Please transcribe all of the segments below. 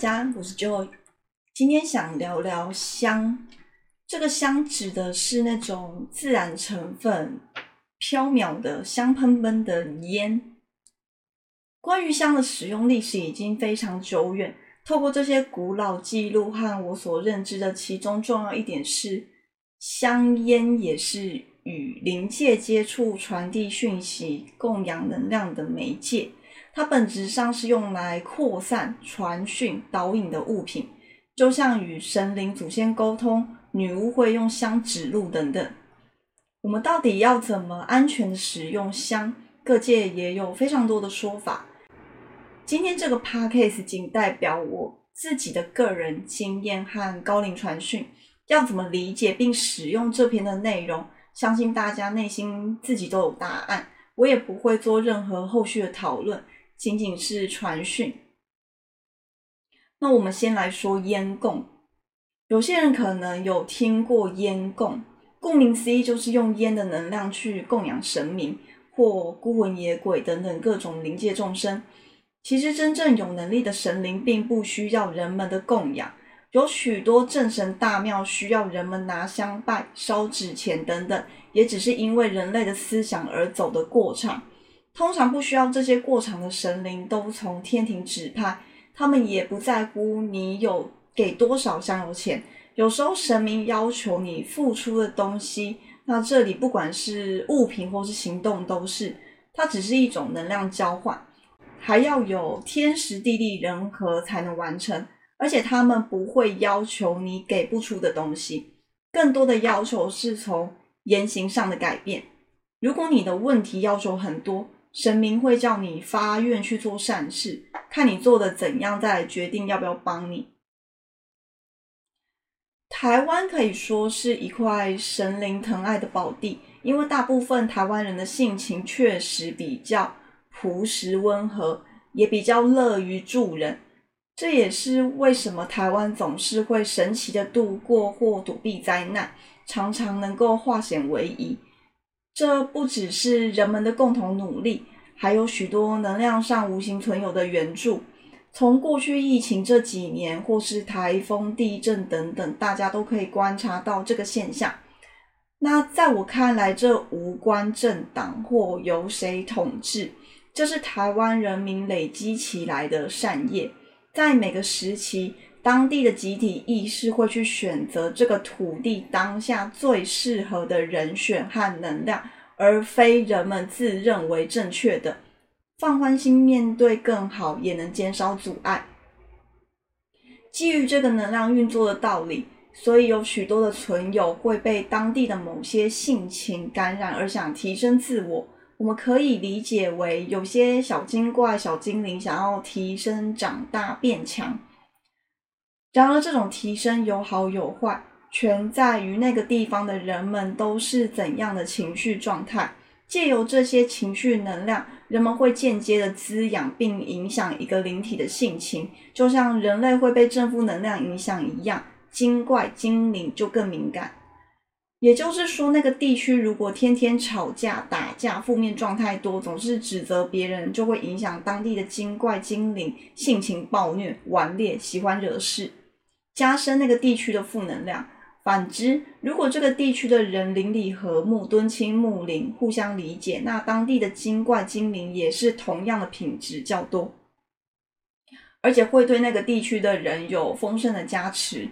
大家我是 Joy，今天想聊聊香。這個香指的是那種自然成分飄渺的香噴噴的煙。關於香的使用歷史已經非常久遠，透過這些古老記錄和我所認知的，其中重要一點是，香煙也是與靈界接觸、傳遞訊息、供養能量的媒介。它本質上是用來擴散傳訊導引的物品，就像與神靈祖先溝通，女巫會用香指路等等。我們到底要怎麼安全的使用香？各界也有非常多的說法。今天這個 podcast 僅代表我自己的個人經驗和高靈傳訊，要怎麼理解並使用這篇的內容，相信大家內心自己都有答案。我也不會做任何後續的討論。僅僅是傳訊。那我們先來說煙供，有些人可能有聽過煙供，顧名思義就是用煙的能量去供養神明或孤魂野鬼等等各種靈界眾生。其實真正有能力的神靈並不需要人們的供養，有許多正神大廟需要人們拿香拜、燒紙錢等等，也只是因為人類的思想而走的過場。通常不需要這些過場的神靈都從天庭指派，他們也不在乎你有給多少香油錢。有時候神明要求你付出的東西，那這裡不管是物品或是行動都是，它只是一種能量交換，還要有天時地利人和才能完成，而且他們不會要求你給不出的東西，更多的要求是從言行上的改變。如果你的問題要求很多，神明會叫你發願去做善事，看你做的怎樣，再來決定要不要幫你。台灣可以說是一塊神靈疼愛的寶地，因為大部分台灣人的性情確實比較樸實溫和，也比較樂於助人。這也是為什麼台灣總是會神奇的度過或躲避災難，常常能夠化險為夷。這不只是人們的共同努力，還有許多能量上無形存有的援助。從過去疫情這幾年，或是台風、地震等等，大家都可以觀察到這個現象。那在我看來，這無關政黨或由誰統治，這是台灣人民累積起來的善業，在每個時期。當地的集體意識會去選擇這個土地當下最適合的人選和能量，而非人們自認為正確的。放寬心面對更好，也能減少阻礙。基於這個能量運作的道理，所以有許多的存有會被當地的某些性情感染，而想提升自我。我們可以理解為有些小精怪、小精靈想要提升、長大、變強。然而，這種提升有好有壞，全在於那個地方的人們都是怎樣的情緒狀態。借由這些情緒能量，人們會間接的滋養並影響一個靈體的性情，就像人類會被正負能量影響一樣，精怪精靈就更敏感。也就是說，那個地區如果天天吵架打架，負面狀態多，總是指責別人，就會影響當地的精怪精靈，性情暴虐、頑劣，喜歡惹事，加深那個地區的負能量。反之，如果這個地區的人鄰里和睦、敦親睦鄰、互相理解，那當地的精怪精靈也是同樣的品質較多，而且會對那個地區的人有豐盛的加持。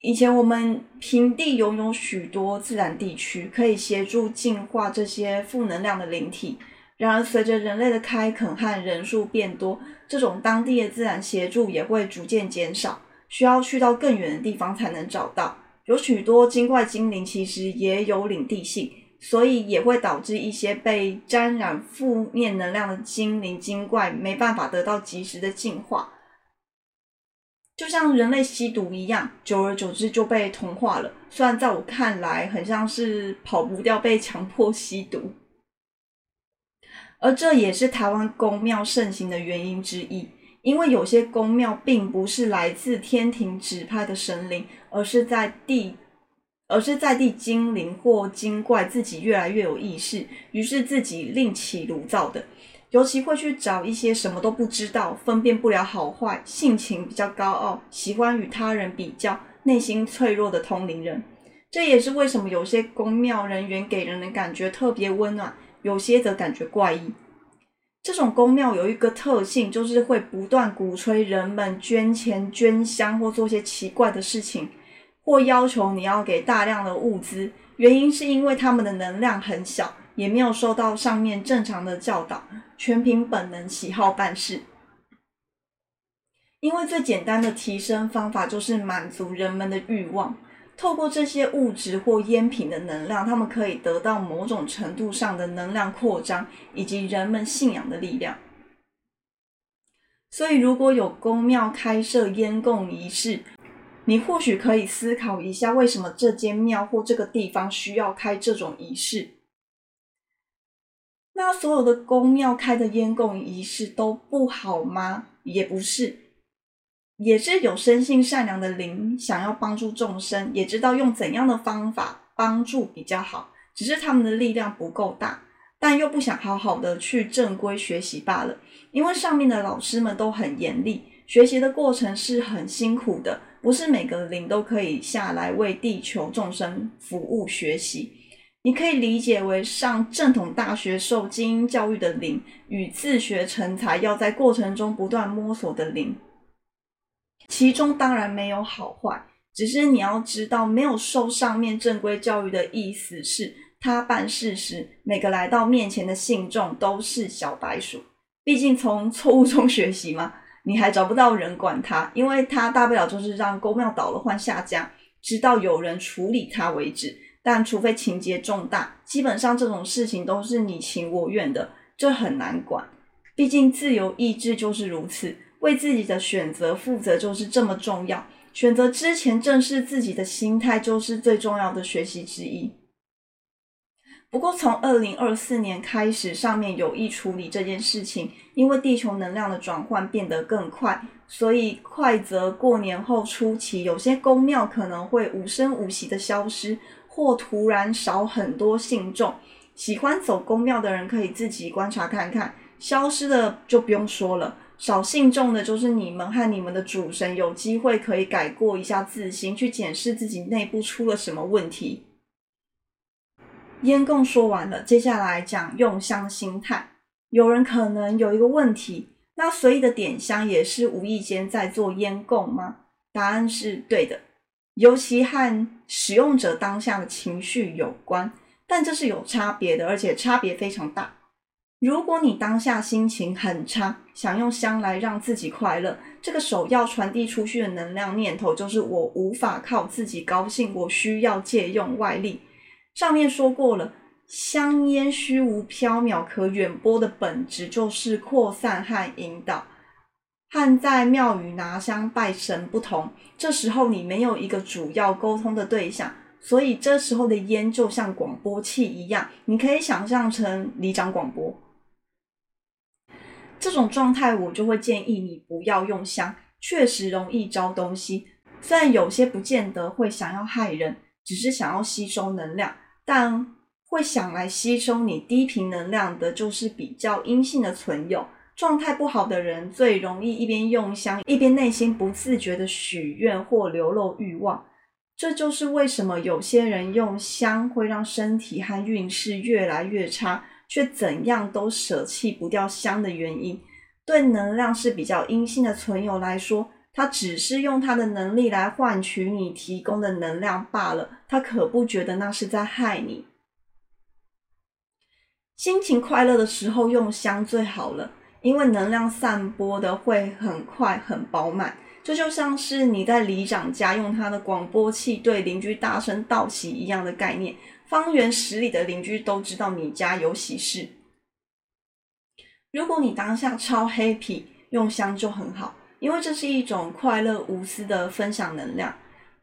以前我們平地擁有許多自然地區，可以協助淨化這些負能量的靈體。然而，隨着人類的開墾和人數變多，這種當地的自然協助也會逐漸減少，需要去到更遠的地方才能找到。有許多精怪精靈其實也有領地性，所以也會導致一些被沾染負面能量的精靈精怪沒辦法得到及時的淨化。就像人類吸毒一樣，久而久之就被同化了。雖然在我看來，很像是跑不掉被強迫吸毒。而這也是台灣宮廟盛行的原因之一，因為有些宮廟並不是來自天庭指派的神靈，而是在地，而是在地精靈或精怪自己越來越有意識，於是自己另起爐灶的，尤其會去找一些什麼都不知道、分辨不了好壞、性情比較高傲、喜歡與他人比較、內心脆弱的通靈人。這也是為什麼有些宮廟人員給人的感覺特別溫暖。有些則感覺怪異。這種宮廟有一個特性，就是會不斷鼓吹人們捐錢、捐香，或做些奇怪的事情，或要求你要給大量的物資。原因是因為他們的能量很小，也沒有受到上面正常的教導，全憑本能喜好辦事。因為最簡單的提升方法就是滿足人們的欲望。透過這些物質或煙品的能量，他們可以得到某種程度上的能量擴張，以及人們信仰的力量。所以，如果有宮廟開設煙供儀式，你或許可以思考一下，為什麼這間廟或這個地方需要開這種儀式？那所有的宮廟開的煙供儀式都不好嗎？也不是。也是有生性善良的靈，想要幫助眾生，也知道用怎樣的方法幫助比較好，只是他們的力量不夠大，但又不想好好的去正規學習罷了。因為上面的老師們都很嚴厲，學習的過程是很辛苦的，不是每個靈都可以下來為地球眾生服務學習。你可以理解為上正統大學受精英教育的靈，與自學成才要在過程中不斷摸索的靈。其中當然沒有好壞，只是你要知道，沒有受上面正規教育的意思是，他辦事時每個來到面前的信眾都是小白鼠。畢竟從錯誤中學習嘛，你還找不到人管他，因為他大不了就是讓宮廟倒了換下家，直到有人處理他為止。但除非情節重大，基本上這種事情都是你情我願的，這很難管。畢竟自由意志就是如此。為自己的選擇負責，就是這麼重要。選擇之前正視自己的心態，就是最重要的學習之一。不過，從二零二四年開始，上面有意處理這件事情，因為地球能量的轉換變得更快，所以快則過年後初期，有些宮廟可能會無聲無息的消失，或突然少很多信眾。喜歡走宮廟的人可以自己觀察看看，消失的就不用說了。少信眾的，就是你們和你們的主神有機會可以改過一下自心，去檢視自己內部出了什麼問題。煙供說完了，接下來講用香心態。有人可能有一個問題，那隨意的點香也是無意間在做煙供嗎？答案是對的，尤其和使用者當下的情緒有關，但這是有差別的，而且差別非常大。如果你當下心情很差，想用香來讓自己快樂，這個首要傳遞出去的能量念頭就是我無法靠自己高興，我需要借用外力。上面說過了，香煙虛無縹緲可遠播的本質就是擴散和引導。和在廟宇拿香拜神不同，這時候你沒有一個主要溝通的對象，所以這時候的煙就像廣播器一樣，你可以想象成里長廣播。這種狀態，我就會建議你不要用香，確實容易招東西。雖然有些不見得會想要害人，只是想要吸收能量，但會想來吸收你低頻能量的，就是比較陰性的存有。狀態不好的人最容易一邊用香，一邊內心不自覺的許願或流露慾望。這就是為什麼有些人用香會讓身體和運勢越來越差，卻怎樣都捨棄不掉香的原因，對能量是比較陰性的存有來說，它只是用它的能力來換取你提供的能量罷了，它可不覺得那是在害你。心情快樂的時候用香最好了，因為能量散播的會很快很飽滿，這就像是你在里長家用他的廣播器對鄰居大聲道喜一樣的概念。方圓十里的鄰居都知道你家有喜事。如果你當下超 happy，用香就很好，因為這是一種快樂無私的分享能量。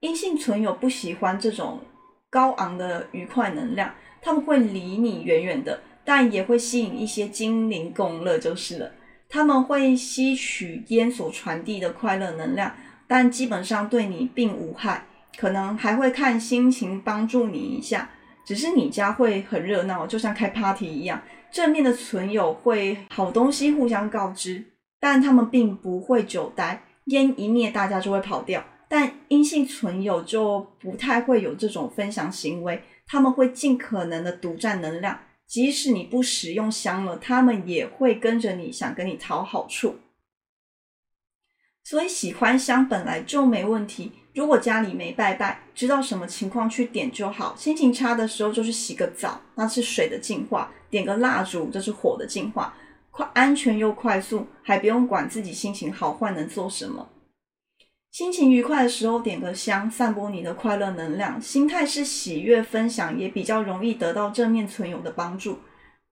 陰性存有不喜歡這種高昂的愉快能量，他們會離你遠遠的，但也會吸引一些精靈共樂就是了。他們會吸取煙所傳遞的快樂能量，但基本上對你並無害，可能還會看心情幫助你一下。只是你家會很熱鬧，就像開 party 一樣。正面的存有會好東西互相告知，但他們並不會久待，煙一滅，大家就會跑掉。但陰性存有就不太會有這種分享行為，他們會盡可能的獨占能量，即使你不使用香了，他們也會跟着你，想跟你討好處。所以喜歡香本來就沒問題。如果家裡沒拜拜，知道什麼情況去點就好。心情差的時候就去洗個澡，那是水的淨化；點個蠟燭，這是火的淨化，快、安全又快速，還不用管自己心情好壞能做什麼。心情愉快的時候點個香，散播你的快樂能量。心態是喜悅，分享也比較容易得到正面存有的幫助。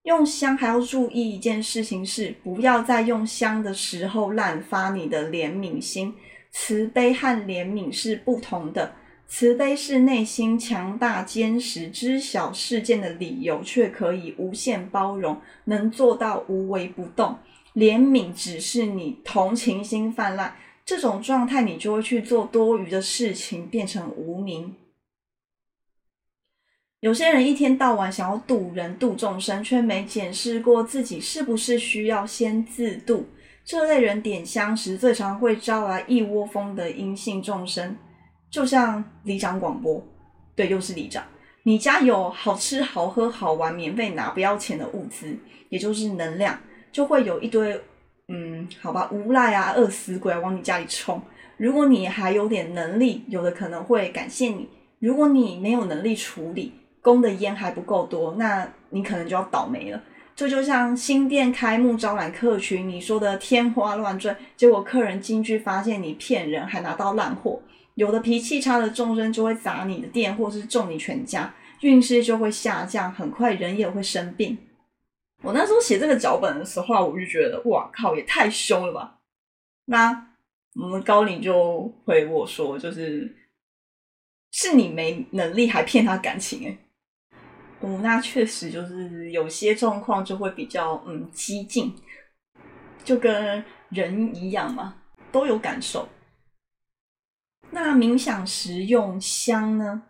用香還要注意一件事情是，不要在用香的時候濫發你的憐憫心。慈悲和憐憫是不同的，慈悲是內心強大堅實，知曉事件的理由卻可以無限包容，能做到無為不動。憐憫只是你同情心泛濫，這種狀態你就會去做多餘的事情，變成無明。有些人一天到晚想要渡人渡眾生，卻沒檢視過自己是不是需要先自渡。這類人點香時，最常會招來一窩蜂的陰性眾生。就像里長廣播，對，又是里長，你家有好吃好喝好玩免費拿不要錢的物資，也就是能量，就會有一堆，嗯，好吧，無賴啊，餓死鬼啊，往你家裡衝。如果你還有點能力，有的可能會感謝你；如果你沒有能力處理，供的煙還不夠多，那你可能就要倒霉了。這就像新店開幕招攬客群，你說的天花亂墜，結果客人進去發現你騙人，還拿到爛貨。有的脾氣差的眾生就會砸你的店，或是咒你全家，運勢就會下降，很快人也會生病。我那時候寫這個腳本的時候，我就覺得，哇靠，也太兇了吧！那我們高靈就回我說，就是是你沒能力，還騙他感情、欸，誒嗯，那確實就是有些狀況就會比較嗯激進，就跟人一樣嘛，都有感受。那冥想時用香呢？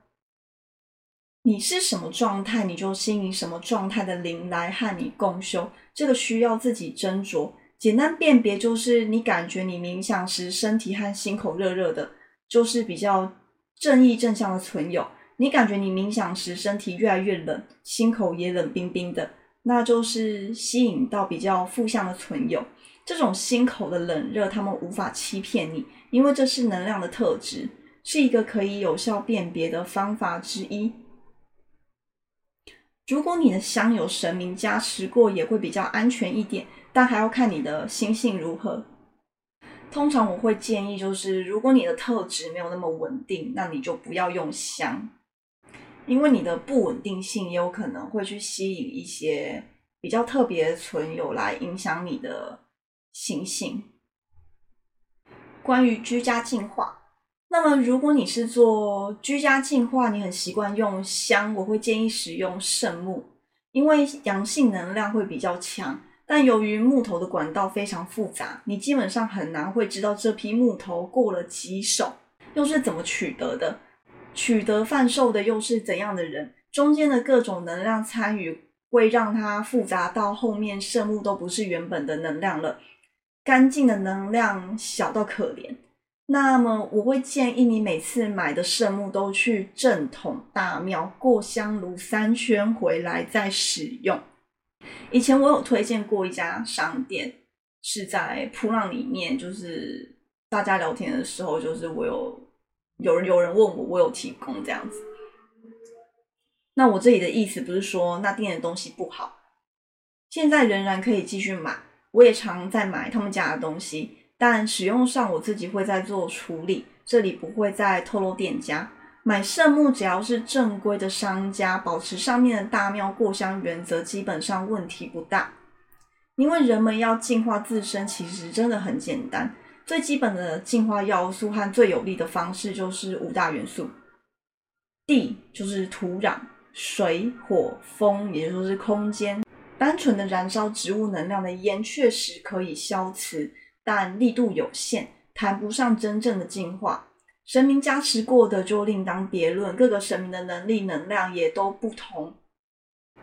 你是什麼狀態，你就吸引什麼狀態的靈來和你共修。這個需要自己斟酌，簡單辨別就是你感覺你冥想時身體和心口熱熱的，就是比較正義正向的存有。你感覺你冥想時身體越來越冷，心口也冷冰冰的，那就是吸引到比較負向的存有。這種心口的冷熱，他們無法欺騙你，因為這是能量的特質，是一個可以有效辨別的方法之一。如果你的香有神明加持過，也會比較安全一點，但還要看你的心性如何。通常我會建議就是，如果你的特質沒有那麼穩定，那你就不要用香。因為你的不穩定性，也有可能會去吸引一些比較特別的存有來影響你的心性。關於居家淨化，那麼如果你是做居家淨化，你很習慣用香，我會建議使用聖木，因為陽性能量會比較強。但由於木頭的管道非常複雜，你基本上很難會知道這批木頭過了幾手，又是怎麼取得的。取得販售的又是怎樣的人？中間的各種能量參與會讓它複雜到後面聖物都不是原本的能量了，乾淨的能量小到可憐。那麼我會建議你每次買的聖物都去正統大廟過香爐三圈回來再使用。以前我有推薦過一家商店，是在噗浪裡面，就是大家聊天的時候，就是我有。有人有人問我，我有提供這樣子。那我這裡的意思不是說那店的東西不好，現在仍然可以繼續買。我也常在買他們家的東西，但使用上我自己會再做處理，這裡不會再透露店家。買聖木只要是正規的商家，保持上面的大廟過香原則，基本上問題不大。因為人們要淨化自身，其實真的很簡單。最基本的淨化要素和最有力的方式就是五大元素：地就是土壤，水、火、風，也就是空間。單純的燃燒植物能量的煙確實可以消磁，但力度有限，談不上真正的淨化。神明加持過的就另當別論，各個神明的能力、能量也都不同。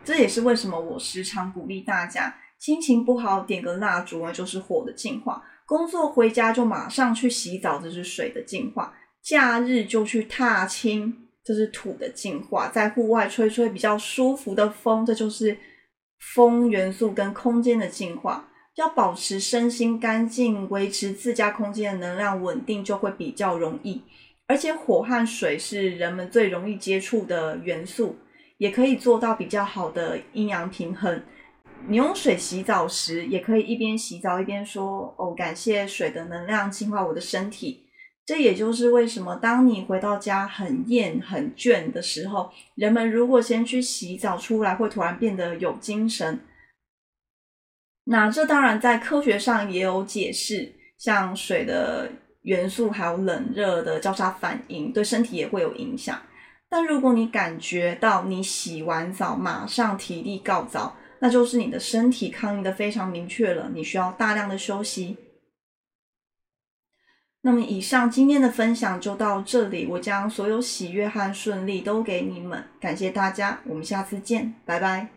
這也是為什麼我時常鼓勵大家，心情不好點個蠟燭啊，就是火的淨化。工作回家就馬上去洗澡，這是水的淨化；假日就去踏青，這是土的淨化；在戶外吹吹比較舒服的風，這就是風元素跟空間的淨化。要保持身心乾淨，維持自家空間的能量穩定，就會比較容易。而且火和水是人們最容易接觸的元素，也可以做到比較好的陰陽平衡。你用水洗澡時，也可以一邊洗澡一邊說：“哦，感謝水的能量，淨化我的身體。”這也就是為什麼當你回到家很厭很倦的時候，人們如果先去洗澡出來，會突然變得有精神。那這當然在科學上也有解釋，像水的元素，還有冷熱的交叉反應，對身體也會有影響。但如果你感覺到你洗完澡馬上體力告罄。那就是你的身體抗議的非常明確了，你需要大量的休息。那麼，以上今天的分享就到這裡，我將所有喜悅和順利都給你們，感謝大家，我們下次見，拜拜。